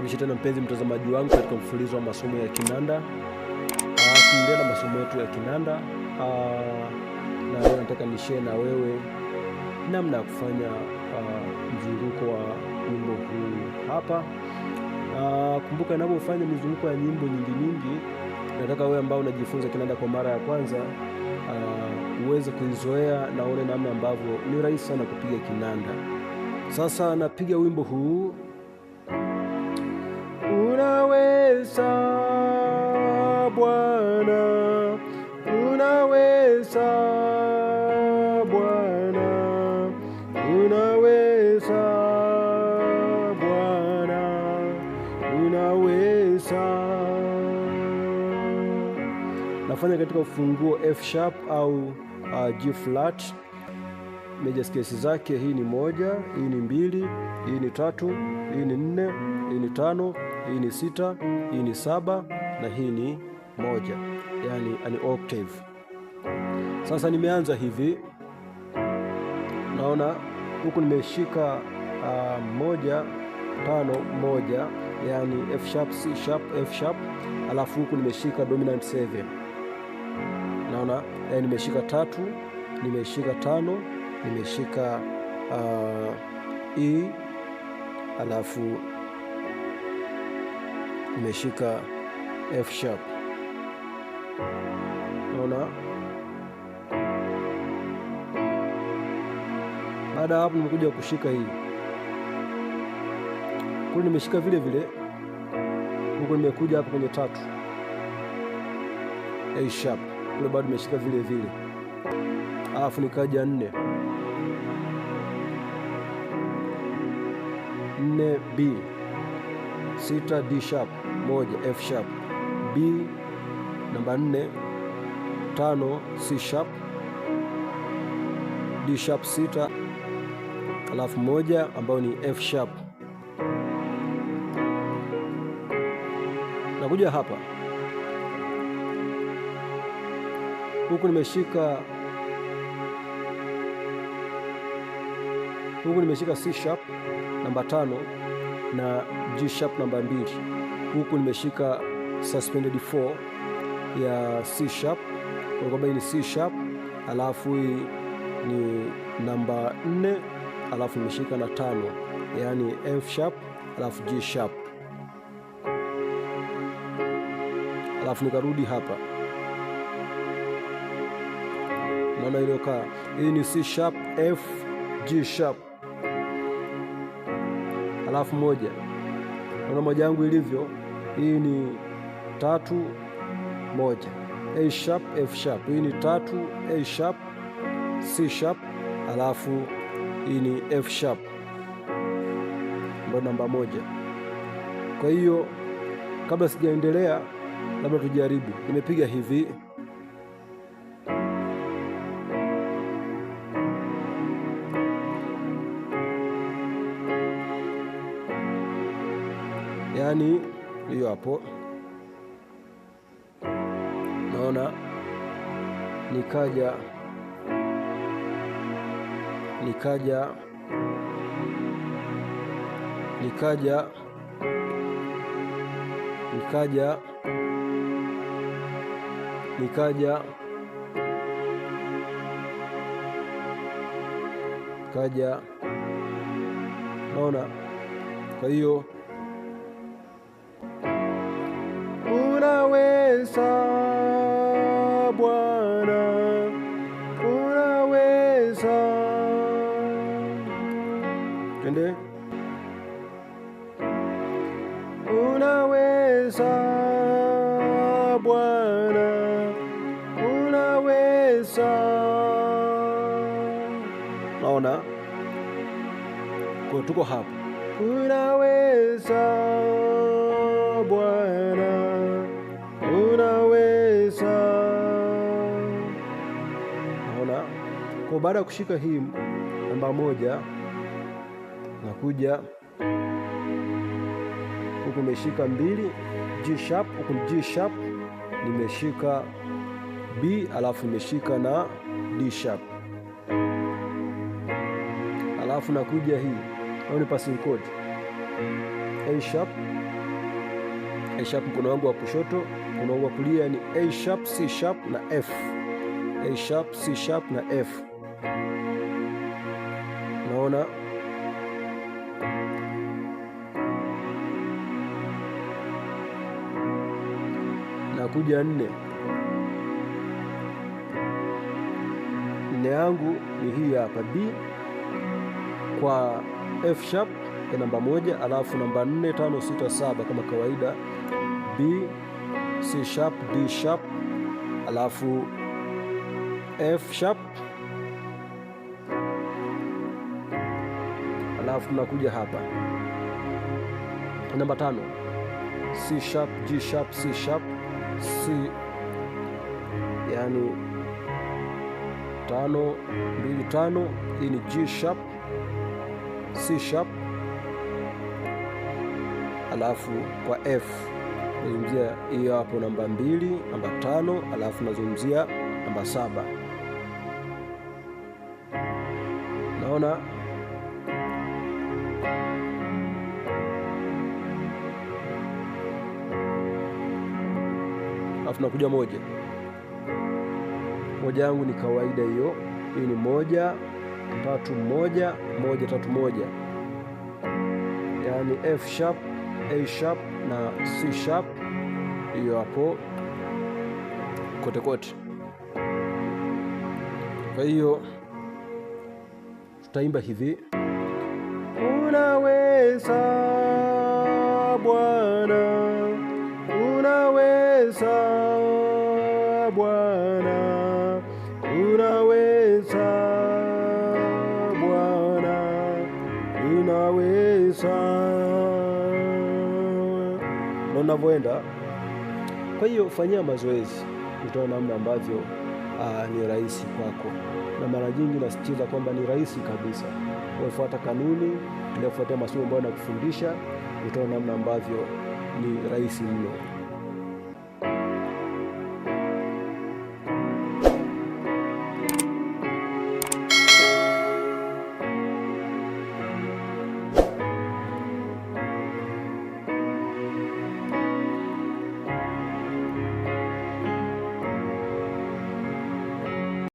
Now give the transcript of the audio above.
kukaribisha tena mpenzi mtazamaji wangu katika mfululizo wa masomo ya kinanda, ah, tunaendelea na masomo yetu ya kinanda. Aa, ah, na leo nataka nishare na wewe namna ya kufanya ah, mzunguko wa wimbo huu hapa. Aa, kumbuka ninapofanya mizunguko ya nyimbo nyingi nyingi, nataka wewe ambao unajifunza kinanda kwa mara ya kwanza Uh, uweze kuizoea na uone namna ambavyo ni rahisi sana kupiga kinanda. Sasa napiga wimbo huu unaweza Bwana, unaweza Bwana, unaweza Bwana, unaweza. Nafanya katika ufunguo F sharp au uh, G flat major cases zake, hii ni moja, hii ni mbili, hii ni tatu, hii ni nne, hii ni tano, hii ni sita, hii ni saba na hii ni moja, yani an octave. Sasa nimeanza hivi, naona huku nimeshika uh, moja tano moja, yani F sharp, C sharp, F sharp, alafu huku nimeshika dominant 7 naona, yani eh, nimeshika tatu, nimeshika tano nimeshika uh, E alafu nimeshika F sharp. Naona baada ya hapo nimekuja kushika hii kule, nimeshika vile vile huko, nimekuja hapa kwenye tatu A sharp kule, bado nimeshika vile vile, alafu nikaja nne nne B sita D sharp moja F sharp B namba nne tano C sharp D sharp sita alafu moja ambayo ni F sharp. Nakuja hapa huku nimeshika huku nimeshika C sharp namba tano na G sharp namba mbili, huku nimeshika suspended 4 ya C sharp kwamba hii ni C sharp, alafu hii ni namba 4, alafu nimeshika na tano, yaani F sharp alafu G sharp, alafu nikarudi hapa naona iliyokaa hii ni C sharp F G sharp alafu moja. Naona moja yangu ilivyo, hii ni tatu moja, A sharp F sharp. Hii ni tatu A sharp C sharp, alafu hii ni F sharp ambayo namba moja. Kwa hiyo kabla sijaendelea, labda tujaribu. Nimepiga hivi yaani hiyo hapo naona nikaja nikaja nikaja nikaja nikaja kaja naona, kwa hiyo Twende. Unaweza Bwana, unaweza. Naona kwa tuko hapa, unaweza Bwana, unaweza. Naona kwa baada ya kushika hii namba moja nakuja huku nimeshika mbili G sharp, huku ni G sharp nimeshika B alafu nimeshika na D sharp, alafu nakuja hii au ni passing chord A sharp, A sharp mkono wangu wa kushoto, mkono wangu wa kulia ni A sharp, C sharp na F, A sharp, C sharp na F, naona nakuja nne. Nne yangu ni hii hapa B kwa F sharp ya namba moja, alafu namba nne tano sita saba kama kawaida, B C sharp D sharp alafu F sharp alafu tunakuja hapa namba tano C sharp G sharp C sharp si yani tano mbili tano. Hii ni G sharp, C sharp, alafu kwa F nazungumzia hiyo hapo namba mbili, namba tano, alafu nazungumzia namba saba. Naona tunakuja moja moja yangu ni kawaida hiyo. Hii ni moja tatu moja moja tatu moja, yaani F sharp A sharp na C sharp, hiyo hapo kote kote. Kwa hiyo tutaimba hivi, unaweza Bwana, unaweza na unavyoenda. Kwa hiyo fanyia mazoezi, utaona namna ambavyo ah, ni rahisi kwako, na mara nyingi nasisitiza kwamba ni rahisi kabisa. Unafuata kanuni, unafuatia masomo ambayo nakufundisha, utaona namna ambavyo ni rahisi mno.